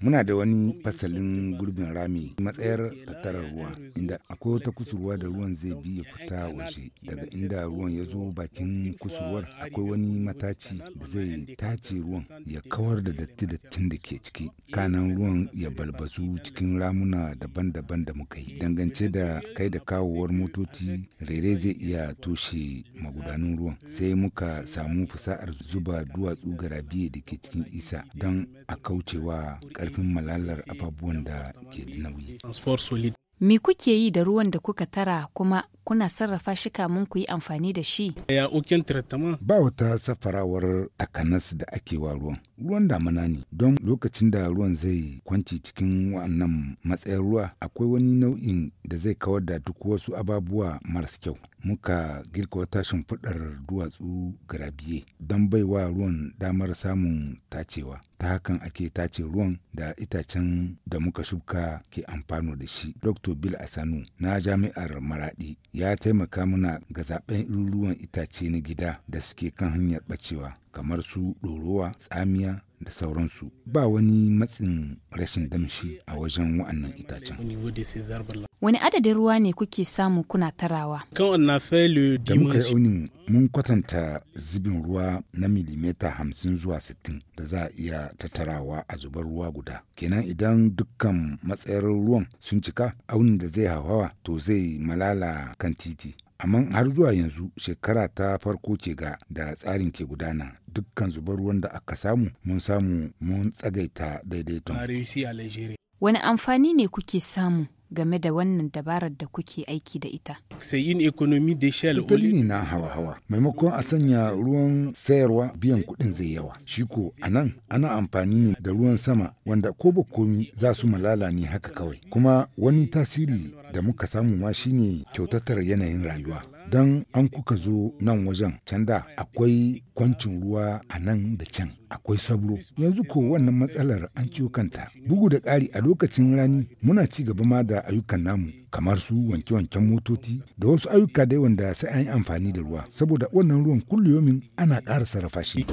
Muna da wani fasalin gurbin rami matsayar tattarar ruwa inda akwai wata kusurwa da ruwan zai bi ya fita waje daga inda ruwan ya zo bakin kusurwar akwai wani mataci da zai tace ruwan ya kawar da datti dattin da ke ciki kanan ruwan ya balbazu cikin ramuna daban-daban da muka yi dangance da kai da kawowar motoci rere zai iya toshe magudanun ruwan sai muka samu fasa'ar zuba duwatsu garabiye da ke cikin isa don a kaucewa karfin malalar ababuwan da ke nauyi. Me kuke yi da ruwan da kuka tara kuma kuna sarrafa shi kamun ku yi amfani da shi? Ba wata safarawar takanas da ake wa ruwan. Ruwan damana ne don lokacin da ruwan zai kwanci cikin wannan matsayin ruwa akwai wani nau'in da zai kawar da duk wasu ababuwa marasa kyau. Muka girka wata shimfiɗar duwatsu garabiye don baiwa ruwan damar samun tacewa. ta hakan ake tace ruwan da itacen da muka shuka ke amfano da shi dr bill asanu na jami'ar maradi ya taimaka mana ga zaben ruwan itace na gida da suke kan hanyar bacewa kamar su ɗorowa tsamiya da sauransu ba wani matsin rashin damshi a wajen wa'annan itacen. Wani adadin ruwa ne kuke samu kuna tarawa? Da muka yi mun kwatanta zubin ruwa na milimeta hamsin zuwa sittin da za a iya tattarawa a zubar ruwa guda. Kenan idan dukkan matsayar ruwan sun cika aunin da zai hawa to zai malala kan titi. amma har zuwa yanzu shekara ta farko ce ga da tsarin ke gudana dukkan zubar ruwan da aka samu mun samu mun tsagaita daidaiton wani amfani ne kuke samu game da wannan dabarar da kuke aiki da ita? da sayin Fitali ne na hawa-hawa, maimakon a sanya ruwan sayarwa biyan kuɗin zai yawa. Shi ko a nan ana amfani ne da ruwan sama wanda ko ba komi za su malala ne haka kawai. Kuma wani tasiri da muka samu ma shine kyautatar yanayin rayuwa. don an kuka zo nan wajen can da akwai kwancin ruwa a nan da can akwai sabro yanzu ko wannan matsalar an ciwo kanta bugu da ƙari a lokacin rani muna ci gaba ma da ayyukan namu kamar su wanke-wanken motoci da wasu ayyuka dai wanda sai an yi amfani da ruwa saboda wannan ruwan kulliyomin ana ƙara sarrafa shi